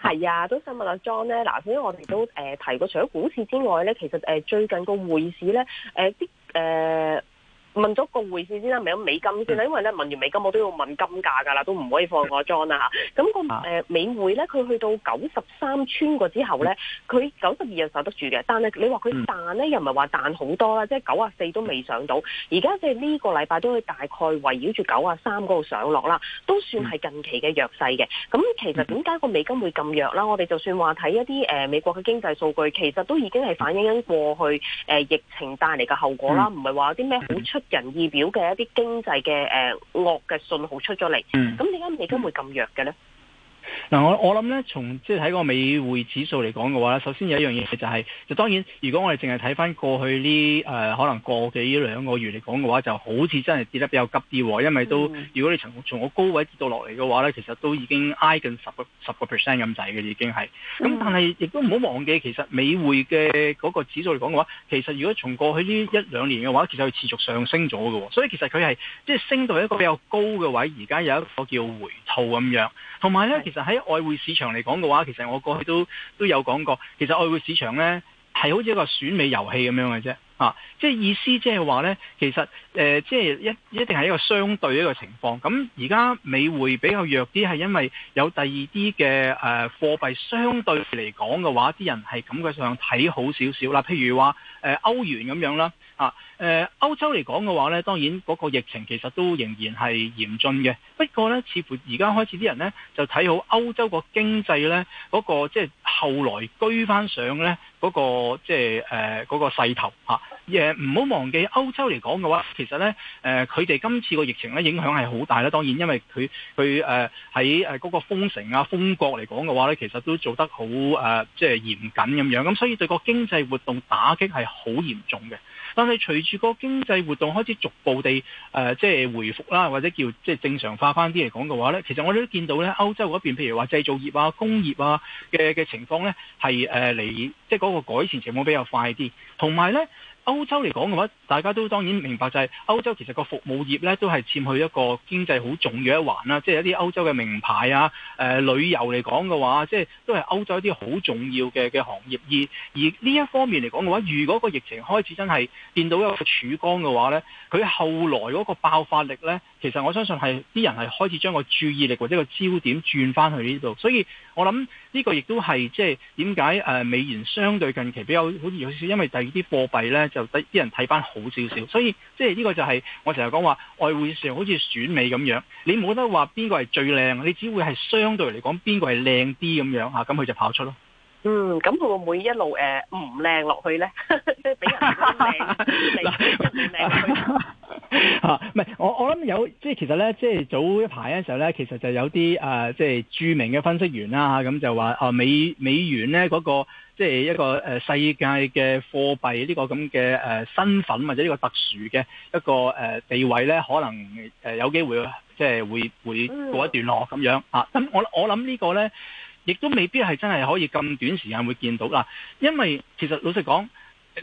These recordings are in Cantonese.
係啊，都想問阿 John 咧。嗱，頭先我哋都誒提過，除咗股市之外咧，其實誒、呃、最近個匯市咧，誒啲誒。呃問咗個匯市先啦，咪有美金先啦，因為咧問完美金，我都要問金價噶啦，都唔可以放我、那個莊啦嚇。咁個、呃、美匯咧，佢去到九十三穿過之後咧，佢九十二又受得住嘅，但係你話佢彈咧又唔係話彈好多啦，即係九啊四都未上到。而家即係呢個禮拜都可以大概圍繞住九啊三嗰度上落啦，都算係近期嘅弱勢嘅。咁其實點解個美金會咁弱啦？我哋就算話睇一啲、呃、美國嘅經濟數據，其實都已經係反映緊過去、呃、疫情帶嚟嘅後果啦，唔係話有啲咩好出。人意表嘅一啲經濟嘅誒惡嘅信號出咗嚟，咁點解美金會咁弱嘅咧？嗱，我我諗咧，從即係睇個美匯指數嚟講嘅話咧，首先有一樣嘢就係、是，就當然，如果我哋淨係睇返過去呢、呃、可能過幾兩個月嚟講嘅話，就好似真係跌得比較急啲喎，因為都、嗯、如果你從從個高位跌到落嚟嘅話咧，其實都已經挨近十個十個 percent 咁滯嘅已經係。咁、嗯、但係亦都唔好忘記，其實美匯嘅嗰個指數嚟講嘅話，其實如果從過去呢一兩年嘅話，其實係持續上升咗嘅，所以其實佢係即係升到一個比較高嘅位，而家有一個叫回吐咁樣。同埋咧，是其實喺外匯市場嚟講嘅話，其實我過去都都有講過，其實外匯市場咧係好似一個選美遊戲咁樣嘅啫，啊、即係意思即係話咧，其實誒、呃，即係一一定係一個相對一個情況。咁而家美匯比較弱啲，係因為有第二啲嘅誒貨幣相對嚟講嘅話，啲人係感覺上睇好少少啦，譬如話誒歐元咁樣啦。啊，誒、呃，歐洲嚟講嘅話咧，當然 𠮶 個疫情其實都仍然係嚴峻嘅。不過咧，似乎而家開始啲人咧，就睇好歐洲的經濟呢、那個經濟咧，𠮶 個即係後來居翻上咧，𠮶、那個即係誒，𠮶 個勢頭吓。啊誒唔好忘記歐洲嚟講嘅話，其實呢，誒佢哋今次個疫情呢，影響係好大啦。當然，因為佢佢誒喺嗰個封城啊、封國嚟講嘅話呢，其實都做得好誒，即係嚴謹咁樣。咁所以對個經濟活動打擊係好嚴重嘅。但係隨住個經濟活動開始逐步地誒，即、呃、係、即係回復啦，或者叫即係正常化翻啲嚟講嘅話呢，其實我哋都見到呢，歐洲嗰邊譬如話製造業啊、工業啊嘅嘅情況呢，係嚟，即係嗰個改善情況比較快啲，同埋呢。歐洲嚟講嘅話。大家都當然明白，就係歐洲其實個服務業呢都係佔去一個經濟好重要一環啦。即係一啲歐洲嘅名牌啊，呃、旅遊嚟講嘅話，即係都係歐洲一啲好重要嘅嘅行業。而而呢一方面嚟講嘅話，如果個疫情開始真係見到一個曙光嘅話呢，佢後來嗰個爆發力呢，其實我相信係啲人係開始將個注意力或者個焦點轉翻去呢度。所以我諗呢個亦都係即係點解誒美元相對近期比較好似有少少，因為第二啲貨幣呢，就啲人睇翻。好少少，所以即係呢個就係我成日講話外匯上好似選美咁樣，你冇得話邊個係最靚，你只會係相對嚟講邊個係靚啲咁樣吓，咁佢就跑出咯。嗯，咁佢會唔會一路誒唔靚落去咧？即係俾人反靚，靚唔靚？ 唔係、 啊，我我諗有，即係其實咧，即係早一排嘅時候咧，其實就有啲誒、呃，即係著、著名嘅分析員啦、啊，咁、啊、就話啊美美元咧嗰、那個即係一個誒世界嘅貨幣呢個咁嘅誒身份或者呢個特殊嘅一個誒、呃、地位咧，可能誒有機會即係會會告一段落咁樣咁、啊、我我諗呢個咧，亦都未必係真係可以咁短時間會見到啦、啊，因為其實老實講。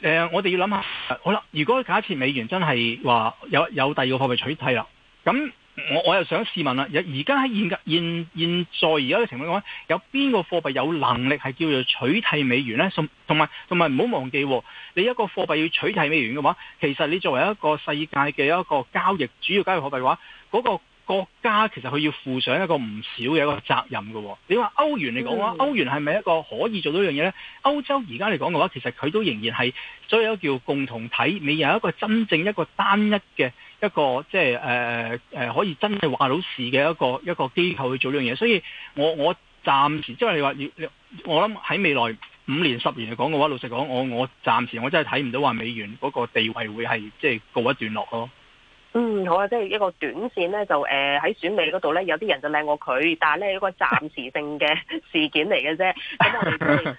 呃、我哋要諗下，好啦，如果假設美元真係話有有第二個貨幣取替啦，咁我我又想試問啦，而而家喺現在而家嘅情況下，有邊個貨幣有能力係叫做取替美元呢？同埋同埋唔好忘記，你一個貨幣要取替美元嘅話，其實你作為一個世界嘅一個交易主要交易貨幣嘅話，嗰、嗰個國家其實佢要負上一個唔少嘅一個責任嘅喎、哦。你話歐元嚟講嘅話，嗯、歐元係咪一個可以做到一樣嘢呢？歐洲而家嚟講嘅話，其實佢都仍然係所有叫共同體，未有一個真正一個單一嘅一個即係誒可以真係話到事嘅一個一個機構去做呢樣嘢。所以我我暫時即係、就是、你話要我諗喺未來五年十年嚟講嘅話，老實講，我我暫時我真係睇唔到話美元嗰個地位會係即係告一段落咯。嗯，好啊，即係一個短線咧，就誒喺、呃、選美嗰度咧，有啲人就靚過佢，但係咧一個暫時性嘅事件嚟嘅啫。咁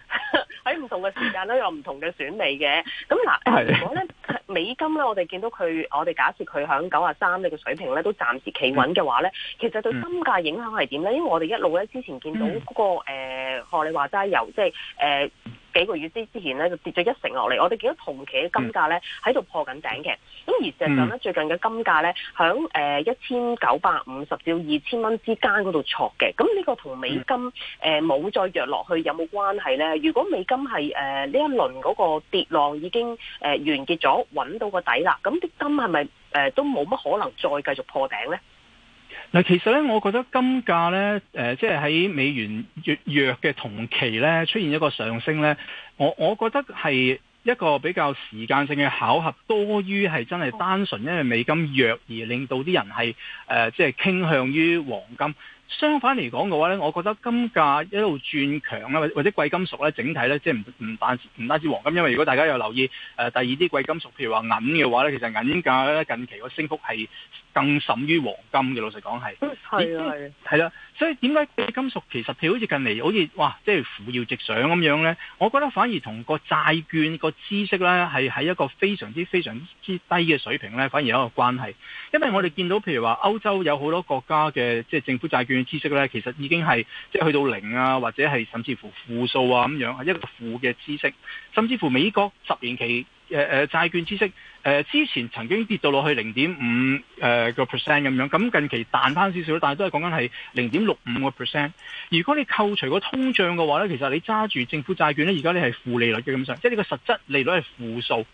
我哋喺唔同嘅時間咧，有唔同嘅選美嘅。咁嗱，呃、是的 如果咧美金咧，我哋見到佢，我哋假設佢喺九啊三呢個水平咧都暫時企穩嘅話咧，是的 其實對金價影響係點咧？嗯、因為我哋一路咧之前見到嗰、那個誒，學、呃、你話齋由即係誒。呃幾個月之之前咧就跌咗一成落嚟，我哋見到同期嘅金價咧喺度破緊頂嘅，咁而事實上咧最近嘅金價咧喺誒一千九百五十至二千蚊之間嗰度挫嘅，咁呢個同美金誒冇、呃、再弱落去有冇關係咧？如果美金係誒呢一輪嗰個跌浪已經誒、呃、完結咗，揾到個底啦，咁啲金係咪誒都冇乜可能再繼續破頂咧？其實咧，我覺得金價咧，誒、呃，即係喺美元越弱嘅同期咧，出現一個上升咧，我我覺得係一個比較時間性嘅巧合，多於係真係單純因為美金弱而令到啲人係誒、呃，即係傾向於黃金。相反嚟講嘅話咧，我覺得金價一路轉強啊，或者貴金屬咧，整體咧，即係唔唔單唔單止黃金，因為如果大家有留意誒、呃、第二啲貴金屬，譬如話銀嘅話咧，其實銀價咧近期個升幅係更甚於黃金嘅，老實講係，係啊係啊，所以點解貴金屬其實譬如好似近嚟好似哇，即係扶搖直上咁樣呢？我覺得反而同個債券個孳息呢，係喺一個非常之非常之低嘅水平呢，反而有一個關係。因為我哋見到譬如話歐洲有好多國家嘅即係政府債券嘅孳息呢，其實已經係即係去到零啊，或者係甚至乎負數啊咁樣，一個負嘅孳息，甚至乎美國十年期。誒誒、呃、債券孳息誒、呃、之前曾經跌到落去零點五個 percent 咁樣，咁、呃、近期彈翻少少，但係都係講緊係零點六五個 percent。如果你扣除個通脹嘅話咧，其實你揸住政府債券咧，而家你係負利率嘅咁上，即係你個實質利率係負數。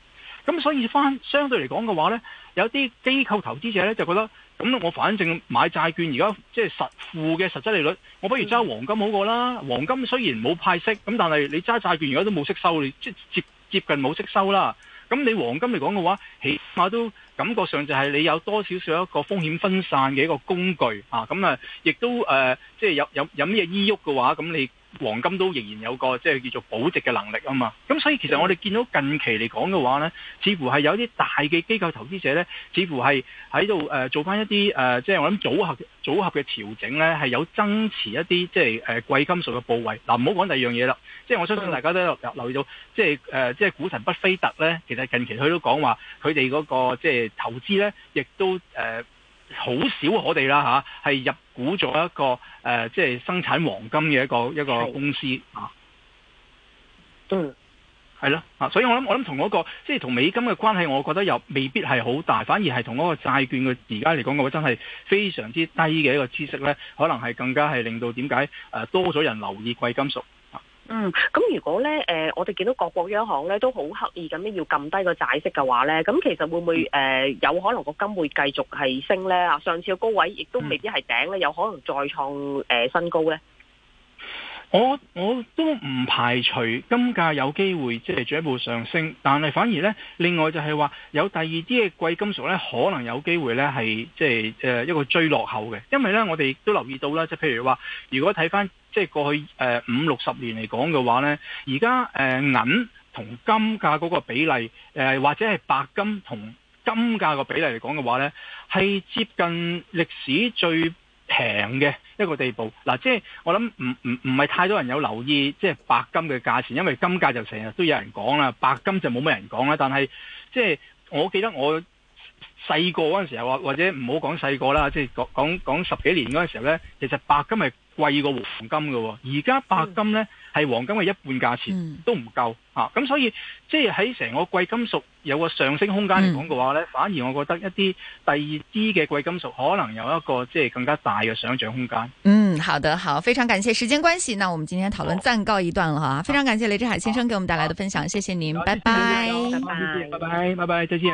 咁所以翻相對嚟講嘅話咧，有啲機構投資者咧就覺得，咁我反正買債券而家即係實負嘅實質利率，我不如揸黃金好過啦。黃金雖然冇派息，咁但係你揸債券而家都冇息收，你即係接。接近冇息收啦，咁你黃金嚟講嘅話，起碼都感覺上就係你有多少少一個風險分散嘅一個工具啊，咁啊，亦都誒，即係有有有咩依郁嘅話，咁你。黃金都仍然有個即係、即係、叫做保值嘅能力啊嘛，咁所以其實我哋見到近期嚟講嘅話咧，似乎係有啲大嘅機構投資者咧，似乎係喺度誒做返一啲誒，即、呃、係、即係、我諗組合組合嘅調整咧，係有增持一啲即係誒貴金屬嘅部位。嗱，唔好講第二樣嘢啦，即係我相信大家都留意到，即係誒即係股神畢菲特咧，其實近期佢都講話佢哋嗰個即係、即係、投資咧，亦都誒。呃好少我哋啦吓，係、啊、入股咗一個、呃、即係生產黃金嘅一個一個公司啊。嗯，係咯啊，所以我諗我諗同嗰、嗰個即係同美金嘅關係，我覺得又未必係好大，反而係同嗰個債券嘅而家嚟講嘅話，真係非常之低嘅一個知識呢可能係更加係令到點解、呃、多咗人留意貴金屬。嗯，咁如果咧，誒、呃，我哋見到各國央行咧都好刻意咁樣要撳低個債息嘅話咧，咁其實會唔會誒、呃、有可能個金會繼續係升咧？啊，上次個高位亦都未必係頂咧，嗯、有可能再創誒、呃、新高咧。我我都唔排除金價有機會即係進一步上升，但係反而咧，另外就係話有第二啲嘅貴金屬咧，可能有機會咧係即係誒一個追落後嘅，因為咧我哋都留意到啦，即、就、係、是、譬如話，如果睇翻。即係過去誒五六十年嚟講嘅話呢，而家誒銀同金價嗰個比例，誒或者係白金同金價個比例嚟講嘅話呢，係接近歷史最平嘅一個地步。嗱、啊，即、就、係、是、我諗唔唔唔係太多人有留意即係、就是、白金嘅價錢，因為金價就成日都有人講啦，白金就冇乜人講啦。但係即係我記得我細個嗰陣時候，或或者唔好、就是、講細個啦，即係講講十幾年嗰陣時候呢，其實白金係貴過黃金嘅，而家白金呢，係、嗯、黃金嘅一半價錢都唔夠吓，咁、嗯啊、所以即係喺成個貴金屬有個上升空間嚟講嘅話呢、嗯、反而我覺得一啲第二啲嘅貴金屬可能有一個即係更加大嘅上漲空間。嗯，好的，好，非常感謝，時間關係，那我們今天討論暫告一段啦，啊、非常感謝雷志海先生給我們帶來的分享，啊、謝謝您，拜拜，拜,拜謝謝，拜拜，拜拜，再見。